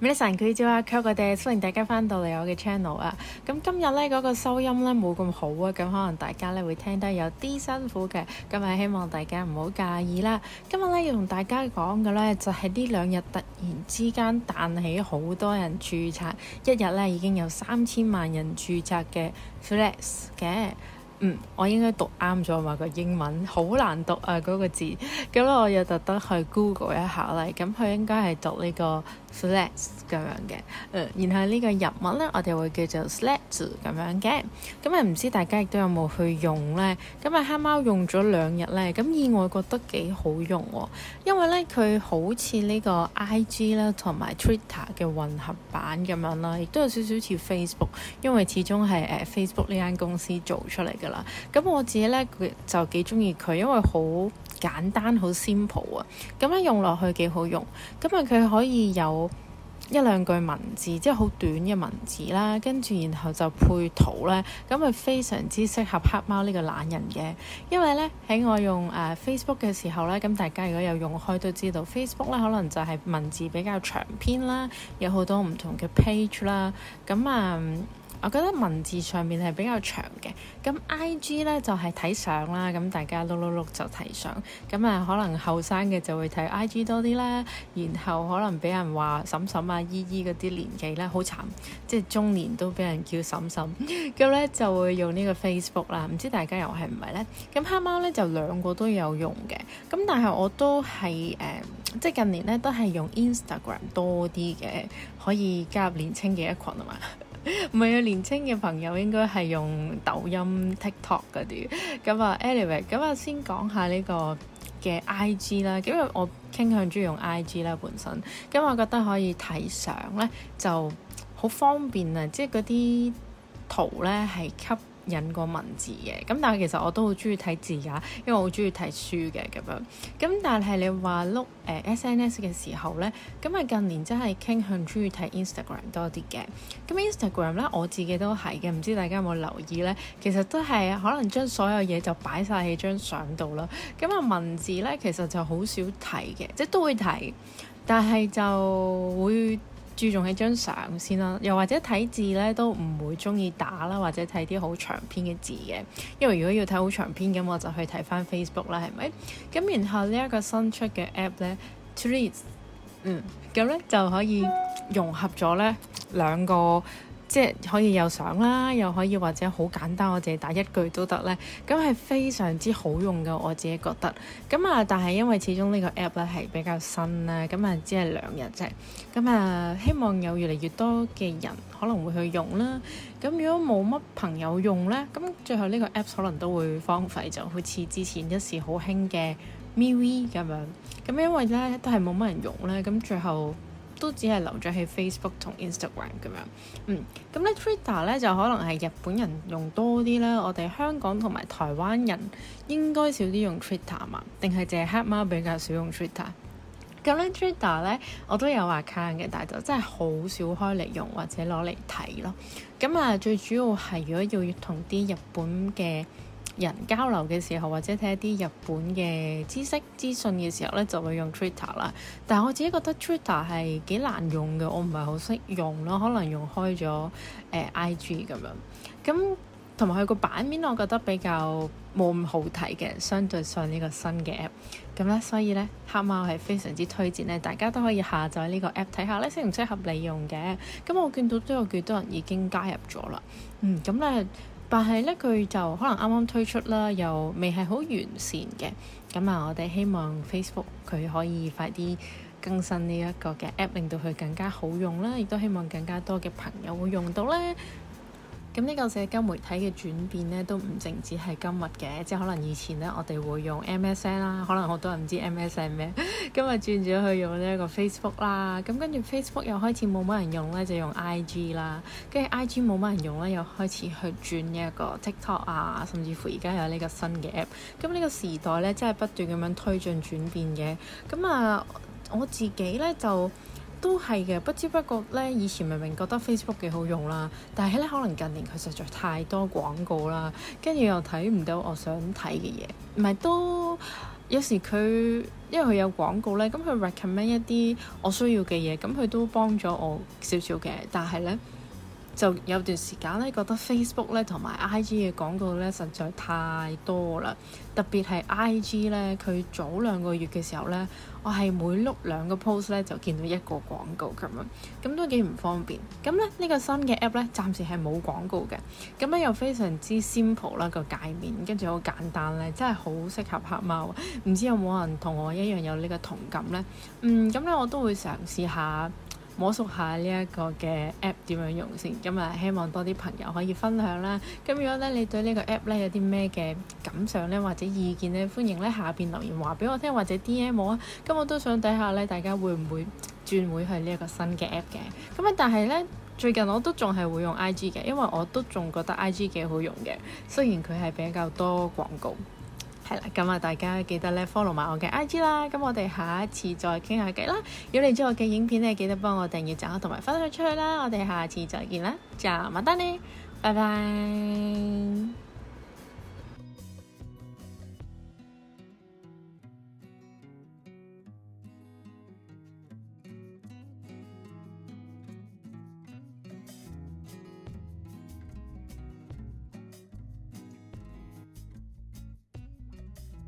Mr. 佢就話佢話哋，歡迎大家翻到嚟我嘅 channel 啊！咁今日咧嗰個收音咧冇咁好啊，咁可能大家咧會聽得有啲辛苦嘅，咁啊希望大家唔好介意啦。今日咧要同大家講嘅咧就係呢兩日突然之間彈起好多人注冊，一日咧已經有三千萬人註冊嘅 Threads 嘅。嗯，我應該讀啱咗嘛，個英文好難讀啊，嗰個字，咁 咧我又特登去 Google 一下啦，咁佢應該係讀呢個 flex 咁樣嘅，誒、嗯，然後呢個日文咧我哋會叫做 slats 咁樣嘅，咁啊唔知大家亦都有冇去用咧，咁啊黑貓用咗兩日咧，咁意外覺得幾好用喎，哦，因為咧佢好似呢個 IG 啦同埋 Twitter 嘅混合版咁樣啦，亦都有少少似 Facebook，因為始終係誒 Facebook 呢間公司做出嚟嘅。啦，咁我自己咧就幾中意佢，因為好簡單，好 simple 啊，咁、嗯、樣用落去幾好用，咁啊佢可以有一兩句文字，即係好短嘅文字啦，跟住然後就配圖咧，咁、嗯、啊、嗯、非常之適合黑貓呢個懶人嘅，因為呢，喺我用誒、呃、Facebook 嘅時候呢，咁、嗯、大家如果有用開都知道，Facebook 呢可能就係文字比較長篇啦，有好多唔同嘅 page 啦、嗯，咁、嗯、啊。我覺得文字上面係比較長嘅，咁 I G 咧就係、是、睇相啦，咁大家碌碌碌就睇相，咁啊可能後生嘅就會睇 I G 多啲啦，然後可能俾人話嬸嬸啊姨姨嗰啲年紀咧好慘，即係中年都俾人叫嬸嬸，咁咧就會用呢個 Facebook 啦，唔知大家又係唔係咧？咁黑貓咧就兩個都有用嘅，咁但係我都係誒、呃，即係近年咧都係用 Instagram 多啲嘅，可以加入年青嘅一群啊嘛～唔係 啊，年輕嘅朋友應該係用抖音、TikTok 嗰啲。咁啊 anyway，咁啊先講下呢個嘅 IG 啦。因為我傾向鍾意用 IG 啦本身。咁我覺得可以睇相咧，就好方便啊。即係嗰啲圖咧係吸引個文字嘅，咁但係其實我都好鍾意睇字㗎，因為我好鍾意睇書嘅咁樣。咁但係你話碌誒 SNS 嘅時候呢，咁啊近年真係傾向鍾意睇 Instagram 多啲嘅。咁 Instagram 咧我自己都係嘅，唔知大家有冇留意呢？其實都係可能將所有嘢就擺晒喺張相度啦。咁啊文字呢，其實就好少睇嘅，即係都會睇，但係就會。注重喺張相先啦，又或者睇字咧都唔會鍾意打啦，或者睇啲好長篇嘅字嘅。因為如果要睇好長篇咁，我就去睇返 Facebook 啦，係咪？咁 然後呢一個新出嘅 app 咧 ，Threads，嗯，咁咧就可以融合咗咧兩個。即係可以有相啦，又可以或者好簡單，我自己打一句都得咧。咁係非常之好用噶，我自己覺得。咁啊，但係因為始終呢個 app 咧係比較新啦，咁啊只係兩日啫。咁啊，希望有越嚟越多嘅人可能會去用啦。咁如果冇乜朋友用咧，咁最後呢個 app 可能都會荒廢咗，好似之前一時好興嘅 MeWe 咁樣。咁因為咧都係冇乜人用咧，咁最後。都只係留咗喺 Facebook 同 Instagram 咁樣，嗯，咁咧 Twitter 咧就可能係日本人用多啲啦。我哋香港同埋台灣人應該少啲用 Twitter 嘛，定係淨係黑貓比較少用 Twitter。咁咧 Twitter 咧我都有 account 嘅，但係就真係好少開嚟用或者攞嚟睇咯。咁啊，最主要係如果要同啲日本嘅人交流嘅時候，或者睇一啲日本嘅知識資訊嘅時候呢就會用 Twitter 啦。但係我自己覺得 Twitter 係幾難用嘅，我唔係好識用咯，可能用開咗、呃、IG 咁樣。咁同埋佢個版面，我覺得比較冇咁好睇嘅，相對上呢個新嘅 app，咁呢。所以呢，黑貓係非常之推薦呢，大家都可以下載呢個 app 睇下呢適唔適合你用嘅。咁我見到都有幾多人已經加入咗啦。嗯，咁呢。但係咧，佢就可能啱啱推出啦，又未係好完善嘅。咁啊，我哋希望 Facebook 佢可以快啲更新呢一個嘅 app，令到佢更加好用啦，亦都希望更加多嘅朋友會用到咧。咁呢個社交媒體嘅轉變咧，都唔淨止係今日嘅，即係可能以前咧，我哋會用 MSN MS 啦，可能好多人唔知 MSN 咩，今日轉咗去用呢一個 Facebook 啦，咁跟住 Facebook 又開始冇乜人用咧，就用 IG 啦，跟住 IG 冇乜人用咧，又開始去轉呢一個 TikTok 啊，甚至乎而家有呢個新嘅 app，咁呢個時代咧，真係不斷咁樣推進轉變嘅，咁啊我自己咧就。都係嘅，不知不覺呢，以前明明覺得 Facebook 幾好用啦，但係呢，可能近年佢實在太多廣告啦，跟住又睇唔到我想睇嘅嘢，唔係都有時佢因為佢有廣告呢，咁佢 recommend 一啲我需要嘅嘢，咁佢都幫咗我少少嘅，但係呢。就有段時間咧，覺得 Facebook 咧同埋 IG 嘅廣告咧實在太多啦，特別係 IG 咧，佢早兩個月嘅時候咧，我係每碌兩個 post 咧就見到一個廣告咁樣，咁都幾唔方便。咁咧呢個新嘅 app 咧暫時係冇廣告嘅，咁咧又非常之 simple 啦個界面，跟住好簡單咧，真係好適合黑貓。唔知有冇人同我一樣有呢個同感咧？嗯，咁咧我都會嘗試下。摸索下呢一個嘅 app 點樣用先，咁啊希望多啲朋友可以分享啦。咁如果咧你對呢個 app 咧有啲咩嘅感想咧或者意見咧，歡迎咧下邊留言話俾我聽或者 DM 我啊。咁我都想睇下咧大家會唔會轉會去呢一個新嘅 app 嘅。咁啊但係咧最近我都仲係會用 IG 嘅，因為我都仲覺得 IG 幾好用嘅，雖然佢係比較多廣告。係啦，咁啊，大家記得咧 follow 埋我嘅 IG 啦。咁我哋下一次再傾下偈啦。如果你中意我嘅影片咧，記得幫我訂閱、讚好同埋分享出去啦。我哋下次再見啦，就咁多咧，拜拜。